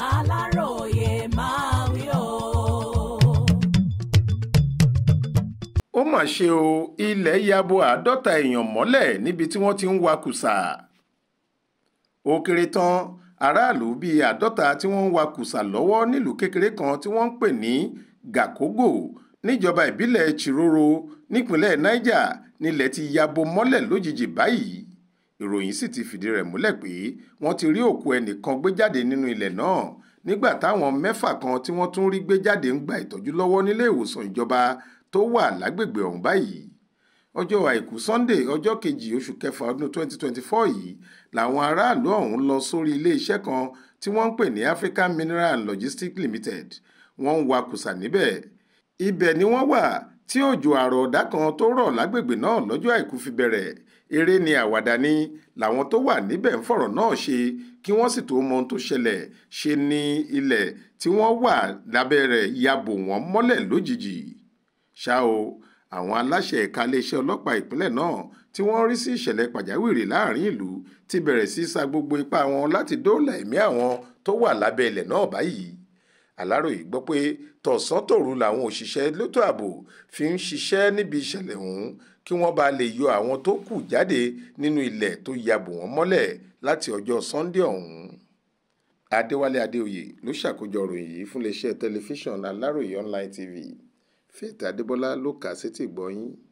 aláròye máa wí o. ó mà ṣe o ilẹ̀ ya bo àádọ́ta èèyàn mọ́lẹ̀ níbi tí wọ́n ti ń wakùsà ó kéré tán aráàlú bíi àádọ́ta tí wọ́n ń wakùsà lọ́wọ́ nílùú kékeré kan tí wọ́n ń pè ní gàkógò níjọba ìbílẹ̀ chiroro nípínlẹ̀ niger nílẹ̀ ti ya bo mọ́lẹ̀ lójijì báyìí ìròyìn sì ti fìdí rẹ̀ múlẹ̀ pé wọ́n ti rí òkú ẹnìkan gbé jáde nínú ilẹ̀ náà nígbà táwọn mẹ́fà kan tí wọ́n tún rí gbé jáde ń gba ìtọ́jú lọ́wọ́ nílé ìwòsàn ìjọba tó wà lágbègbè ọ̀hún báyìí ọjọ́ àìkú Sunday ọjọ́ kejì oṣù kẹfà ọdún 2024 yìí làwọn aráàlú ọ̀hún lọ sórí iléeṣẹ́ kan tí wọ́n ń pè ní African Mineral and Logistics Limited wọ́n ń wakùsà níbẹ̀ ibẹ̀ ni wọ́n wà tí òjò àrọ̀ọ̀dá kan tó rọ̀ lágbègbè náà lọ́jọ́ àìkú fi bẹ̀rẹ̀ eré ni àwàdà ni làwọn tó wà níbẹ̀ ń fọ̀rọ̀ náà ṣe kí wọ́n sì tó mọ ohun tó ṣẹlẹ̀ ṣe ni ilẹ̀ tí wọ́n wà lábẹ́ rẹ̀ ya bò wọ́n mọ́lẹ̀ lójijì ṣá o àwọn aláṣẹ ẹ̀ka iléeṣẹ́ ọlọ́pàá ìpínlẹ̀ náà tí wọ́n rí sí ìṣẹ̀lẹ̀ pàjáwìrì láàrin ìlú ti bẹ̀rẹ̀ sí sa gbogbo ipá wọn láti dóòlà ẹ̀mí àwọn tó wà lábẹ́ ilẹ̀ náà báyìí aláròye gbọ́ pé tọ̀sán tòru làwọn òṣìṣẹ́ elétò ààbò fi ń ṣiṣẹ́ níbi ìṣẹ̀lẹ̀ ọ̀hún kí wọ́n bá lè yọ àwọn tó kù jáde nínú ilẹ̀ tó ya bò wọ́n mọ́lẹ̀ láti ọjọ́ Sunday ọ̀hún. Adéwálé Adéoyè ló ṣàkójọ ròyìn yìí fún tẹlifíṣàn Aláròye Online TV Faith Adébọ́lá ló kà á sétí gbọ́yìn.